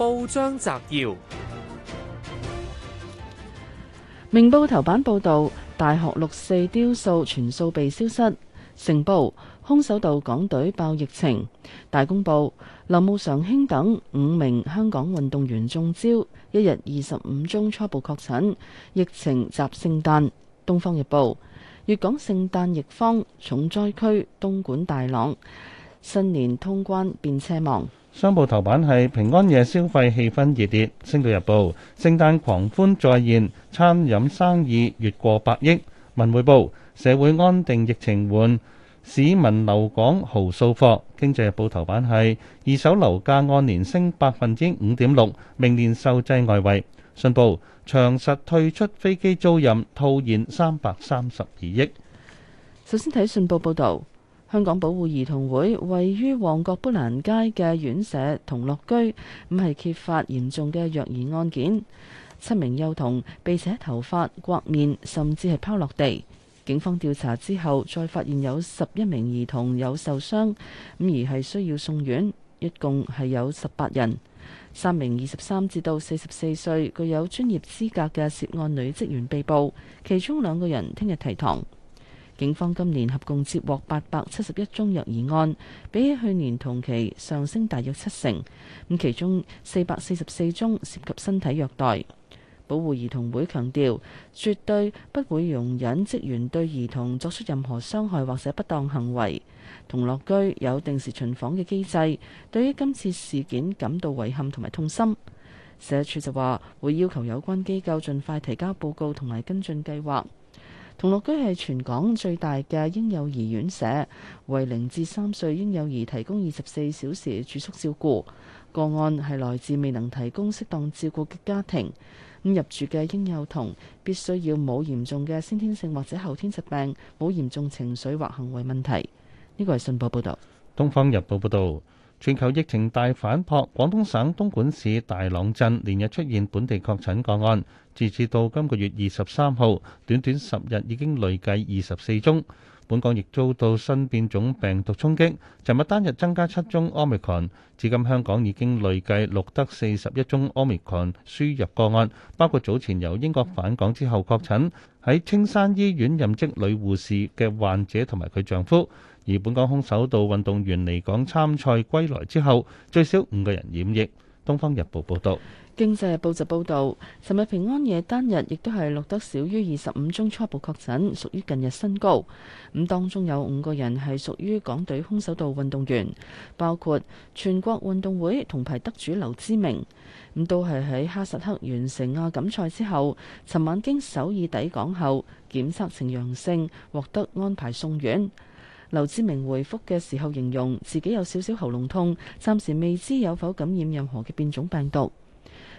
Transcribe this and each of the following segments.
報章摘要：明報頭版報道，大學六四雕塑全數被消失。成報，空手道港隊爆疫情。大公報，林慕常卿等五名香港運動員中招，一日二十五宗初步確診，疫情襲聖誕。東方日報，粵港聖誕疫方重災區，東莞大朗。新年通關變奢望，商報頭版係平安夜消費氣氛熱烈，星島日報聖誕狂歡再現，餐飲生意越過百億。文匯報社會安定疫情緩，市民留港豪掃貨。經濟日報頭版係二手樓價按年升百分之五點六，明年受制外圍。信報長實退出飛機租賃套現三百三十二億。首先睇信報報道。香港保護兒童會位於旺角砵蘭街嘅院舍同樂居，咁係揭發嚴重嘅虐兒案件，七名幼童被扯頭髮、刮面，甚至係拋落地。警方調查之後，再發現有十一名兒童有受傷，咁而係需要送院，一共係有十八人。三名二十三至到四十四歲具有專業資格嘅涉案女職員被捕，其中兩個人聽日提堂。警方今年合共接獲八百七十一宗虐兒案，比起去年同期上升大約七成。咁其中四百四十四宗涉及身體虐待。保護兒童會強調，絕對不會容忍職員對兒童作出任何傷害或者不當行為。童樂居有定時巡訪嘅機制，對於今次事件感到遺憾同埋痛心。社署就話會要求有關機構盡快提交報告同埋跟進計劃。同樂居係全港最大嘅嬰幼兒院舍，為零至三歲嬰幼兒提供二十四小時住宿照顧，個案係來自未能提供適當照顧嘅家庭。咁入住嘅嬰幼童必須要冇嚴重嘅先天性或者後天疾病，冇嚴重情緒或行為問題，呢個係信報報道。東方日報報道，全球疫情大反撲，廣東省東莞市大朗鎮連日出現本地確診個案。截至到今個月二十三號，短短十日已經累計二十四宗。本港亦遭到新變種病毒衝擊，尋日單日增加七宗 Omicron。至今香港已經累計錄得四十一宗 Omicron 輸入個案，包括早前由英國返港之後確診喺青山醫院任職女護士嘅患者同埋佢丈夫。而本港空手道運動員嚟港參賽歸來之後，最少五個人染疫。《東方日報》報道。經濟日報就報道，尋日平安夜單日亦都係錄得少於二十五宗初步確診，屬於近日新高。咁、嗯、當中有五個人係屬於港隊空手道運動員，包括全國運動會銅牌得主劉之明。咁、嗯、都係喺哈薩克完成亞錦賽之後，尋晚經首爾抵港後檢測呈陽性，獲得安排送院。劉之明回覆嘅時候形容自己有少少喉嚨痛，暫時未知有否感染任何嘅變種病毒。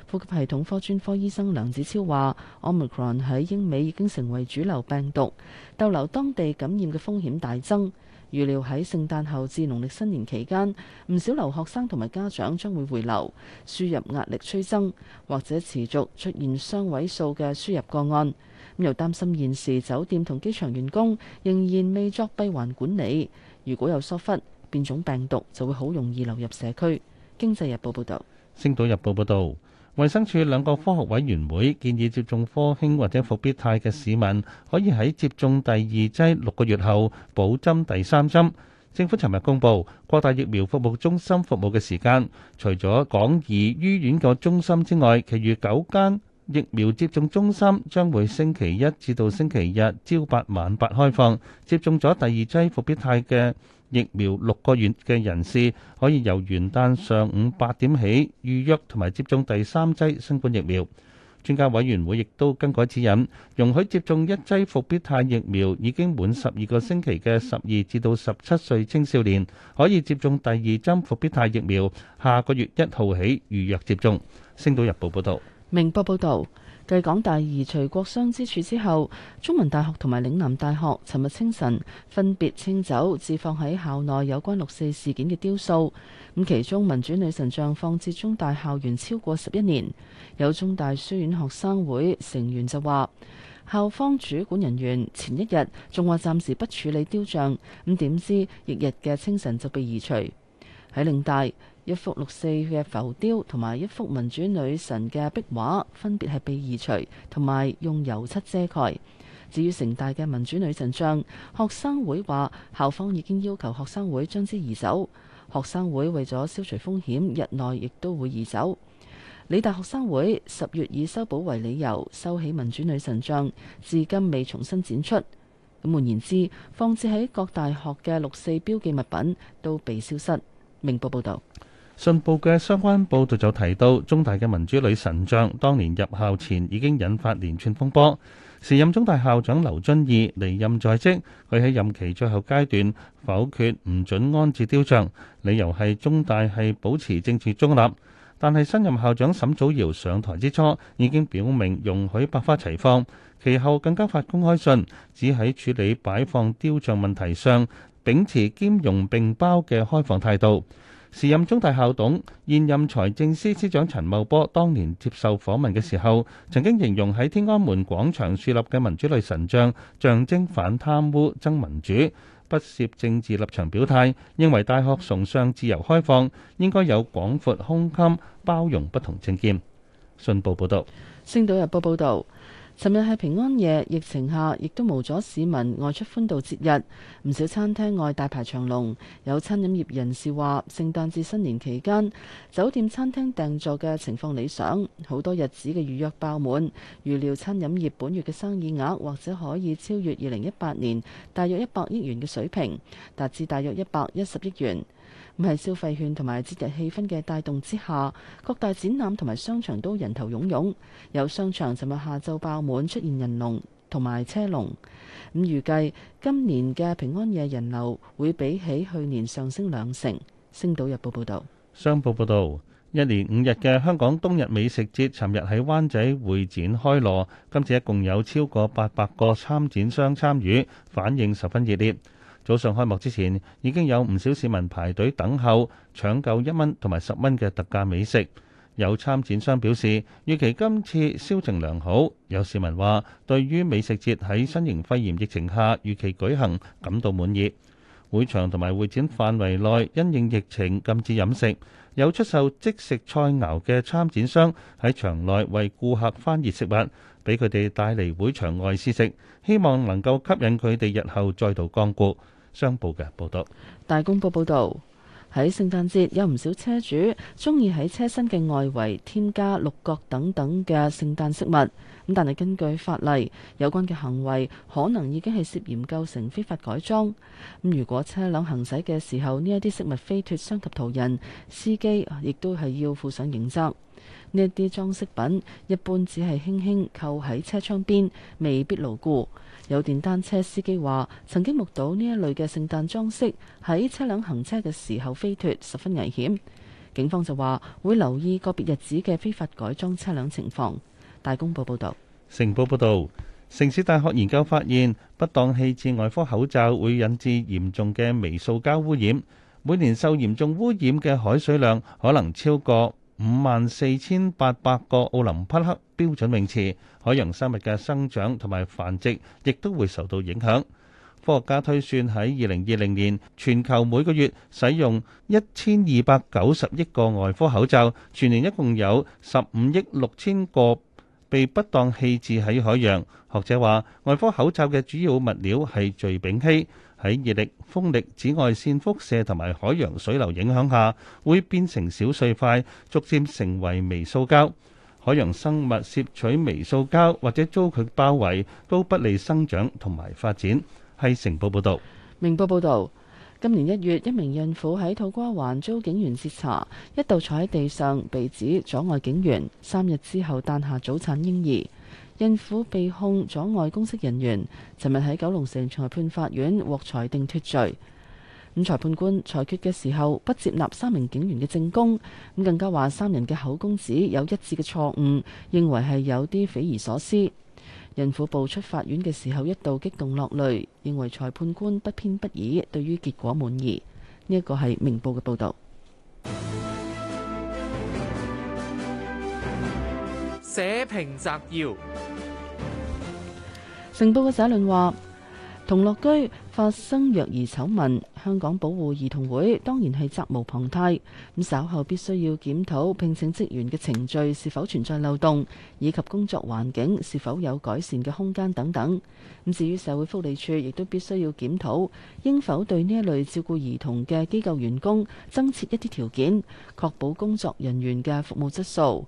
呼吸系統科專科醫生梁子超話，Omicron 喺英美已經成為主流病毒，逗留當地感染嘅風險大增。預料喺聖誕後至農曆新年期間，唔少留學生同埋家長將會回流，輸入壓力催增，或者持續出現雙位數嘅輸入個案。咁又擔心現時酒店同機場員工仍然未作閉環管理，如果有疏忽，變種病毒就會好容易流入社區。經濟日報報道，《星島日報》報道。衛生署兩個科學委員會建議接種科興或者復必泰嘅市民可以喺接種第二劑六個月後補針第三針。政府尋日公布擴大疫苗服務中心服務嘅時間，除咗港怡醫院個中心之外，其餘九間疫苗接種中心將會星期一至到星期日朝八晚八開放。接種咗第二劑復必泰嘅疫苗六個月嘅人士可以由元旦上午八點起預約同埋接種第三劑新冠疫苗。專家委員會亦都更改指引，容許接種一劑復必泰疫苗已經滿十二個星期嘅十二至到十七歲青少年可以接種第二針復必泰疫苗。下個月一號起預約接種。星島日報報道。明報報道。繼港大移除國殤之柱之後，中文大學同埋嶺南大學尋日清晨分別清走置放喺校內有關六四事件嘅雕塑。咁其中民主女神像放置中大校園超過十一年，有中大書院學生會成員就話，校方主管人員前一日仲話暫時不處理雕像，咁點知翌日嘅清晨就被移除。喺嶺大。一幅六四嘅浮雕同埋一幅民主女神嘅壁畫，分別係被移除同埋用油漆遮蓋。至於城大嘅民主女神像，學生會話校方已經要求學生會將之移走。學生會為咗消除風險，日內亦都會移走。理大學生會十月以修補為理由收起民主女神像，至今未重新展出。咁換言之，放置喺各大學嘅六四標記物品都被消失。明報報道。信報嘅相關報導就提到，中大嘅民主女神像當年入校前已經引發連串風波。時任中大校長劉遵義離任在即，佢喺任期最後階段否決唔準安置雕像，理由係中大係保持政治中立。但係新任校長沈祖堯上台之初已經表明容許百花齊放，其後更加發公開信，只喺處理擺放雕像問題上秉持兼容並包嘅開放態度。時任中大校董、現任財政司司長陳茂波當年接受訪問嘅時候，曾經形容喺天安門廣場樹立嘅民主女神像，象徵反貪污、爭民主，不涉政治立場表態，認為大學崇尚自由開放，應該有廣闊胸襟，包容不同政見。信報報道，《星島日報》報道。尋日係平安夜，疫情下亦都無阻市民外出歡度節日。唔少餐廳外大排長龍，有餐飲業人士話：聖誕至新年期間，酒店餐廳訂座嘅情況理想，好多日子嘅預約爆滿。預料餐飲業本月嘅生意額或者可以超越二零一八年大約一百億元嘅水平，達至大約一百一十億元。咁喺消費券同埋節日氣氛嘅帶動之下，各大展覽同埋商場都人頭湧湧，有商場尋日下晝爆滿，出現人龍同埋車龍。咁、嗯、預計今年嘅平安夜人流會比起去年上升兩成。星島日報報道：「商報報道，一連五日嘅香港冬日美食節，尋日喺灣仔會展開鑼，今次一共有超過八百個參展商參與，反應十分熱烈。早上開幕之前，已經有唔少市民排隊等候搶購一蚊同埋十蚊嘅特價美食。有參展商表示，預期今次銷情良好。有市民話，對於美食節喺新型肺炎疫情下如期舉行感到滿意。會場同埋會展範圍內因應疫情禁止飲食。有出售即食菜餚嘅參展商喺場內為顧客翻熱食物，俾佢哋帶嚟會場外試食，希望能夠吸引佢哋日後再度光顧。商報嘅報道。大公報報道。喺聖誕節有唔少車主中意喺車身嘅外圍添加鹿角等等嘅聖誕飾物，咁但係根據法例，有關嘅行為可能已經係涉嫌構成非法改裝。咁如果車輛行駛嘅時候呢，一啲飾物飛脱傷及途人，司機亦都係要負上刑責。呢一啲裝飾品一般只係輕輕扣喺車窗邊，未必牢固。有電單車司機話：曾經目睹呢一類嘅聖誕裝飾喺車輛行車嘅時候飛脱，十分危險。警方就話會留意個別日子嘅非法改裝車輛情況。大公報報導，城報報導，城市大學研究發現，不當棄置外科口罩會引致嚴重嘅微塑膠污染，每年受嚴重污染嘅海水量可能超過五萬四千八百個奧林匹克標準泳池。海洋生物嘅生長同埋繁殖亦都會受到影響。科學家推算喺二零二零年，全球每個月使用一千二百九十億個外科口罩，全年一共有十五億六千個被不當棄置喺海洋。學者話，外科口罩嘅主要物料係聚丙烯，喺熱力、風力、紫外線輻射同埋海洋水流影響下，會變成小碎塊，逐漸成為微塑膠。海洋生物攝取微塑膠或者遭佢包圍，都不利生長同埋發展。係城報報導，明報報道：今年一月一名孕婦喺土瓜灣遭警員截查，一度坐喺地上被指阻礙警員，三日之後誕下早產嬰兒，孕婦被控阻礙公職人員，尋日喺九龍城裁判法院獲裁定脱罪。咁裁判官裁決嘅時候，不接納三名警員嘅證供，咁更加話三人嘅口供指有一致嘅錯誤，認為係有啲匪夷所思。孕婦步出法院嘅時候，一度激動落淚，認為裁判官不偏不倚，對於結果滿意。呢一個係明報嘅報道。社評摘要，成報嘅社論話。同樂居發生虐兒醜聞，香港保護兒童會當然係責無旁貸。咁稍後必須要檢討聘請職員嘅程序是否存在漏洞，以及工作環境是否有改善嘅空間等等。咁至於社會福利署亦都必須要檢討，應否對呢一類照顧兒童嘅機構員工增設一啲條件，確保工作人員嘅服務質素。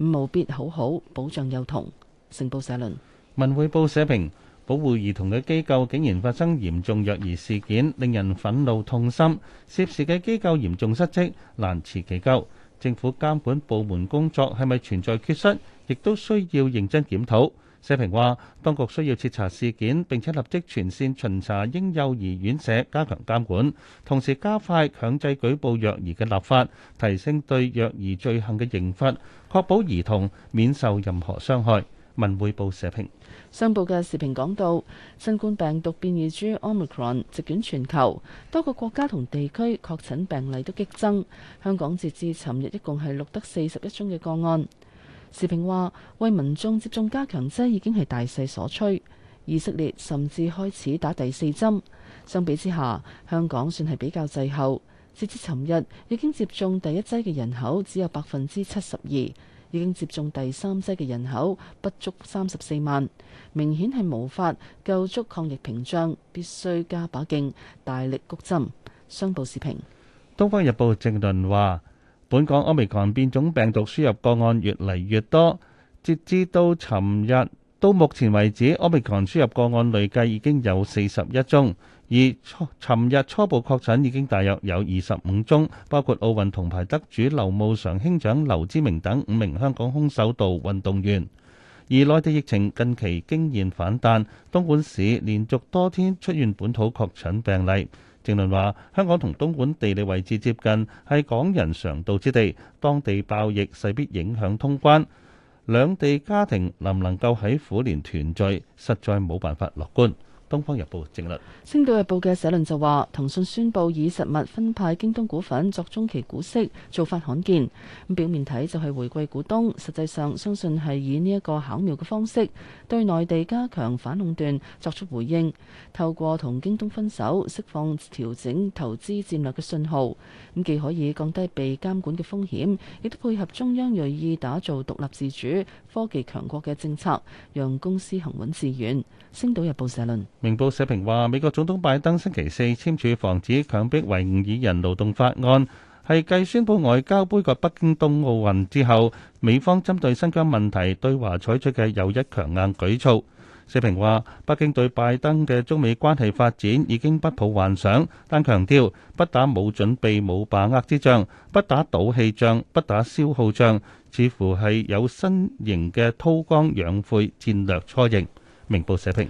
務必好好保障幼童。成報社論，文匯報社評。保護兒童嘅機構竟然發生嚴重虐兒事件，令人憤怒痛心。涉事嘅機構嚴重失職，難辭其咎。政府監管部門工作係咪存在缺失，亦都需要認真檢討。社評話，當局需要徹查事件，並且立即全線巡查嬰幼兒院舍，加強監管，同時加快強制舉報虐兒嘅立法，提升對虐兒罪行嘅刑罰，確保兒童免受任何傷害。文匯報社評，商報嘅視頻講到，新冠病毒變異株 Omicron 席捲全球，多個國家同地區確診病例都激增。香港截至尋日一共係錄得四十一宗嘅個案。視頻話，為民眾接種加強劑已經係大勢所趨。以色列甚至開始打第四針，相比之下，香港算係比較滯後。截至尋日，已經接種第一劑嘅人口只有百分之七十二。已經接種第三劑嘅人口不足三十四萬，明顯係無法救足抗疫屏障，必須加把勁，大力谷針。商報時評，《東方日報》正論話：本港奧密克戎變種病毒輸入個案越嚟越多，截至到尋日到目前為止，奧密克戎輸入個案累計已經有四十一宗。而尋日初步確診已經大約有二十五宗，包括奧運銅牌得主劉慕常兄長劉之明等五名香港空手道運動員。而內地疫情近期驚現反彈，東莞市連續多天出現本土確診病例。政論話，香港同東莞地理位置接近，係港人常到之地，當地爆疫勢必影響通關。兩地家庭能唔能夠喺虎年團聚，實在冇辦法樂觀。《東方日報正》政論，《星島日報》嘅社論就話：騰訊宣布以實物分派京東股份作中期股息，做法罕見。咁表面睇就係回歸股東，實際上相信係以呢一個巧妙嘅方式對內地加強反壟斷作出回應。透過同京東分手，釋放調整投資戰略嘅信號，咁既可以降低被監管嘅風險，亦都配合中央銳意打造獨立自主科技強國嘅政策，讓公司行穩致遠。《星島日報》社論。明報社評話，美國總統拜登星期四簽署防止強迫維吾爾人勞動法案，係繼宣布外交杯葛北京冬奧運之後，美方針對新疆問題對華採取嘅又一強硬舉措。社評話，北京對拜登嘅中美關係發展已經不抱幻想，但強調不打冇準備冇把握之仗，不打賭氣仗，不打消耗仗，似乎係有新型嘅韜光養晦戰略初型。明報社評。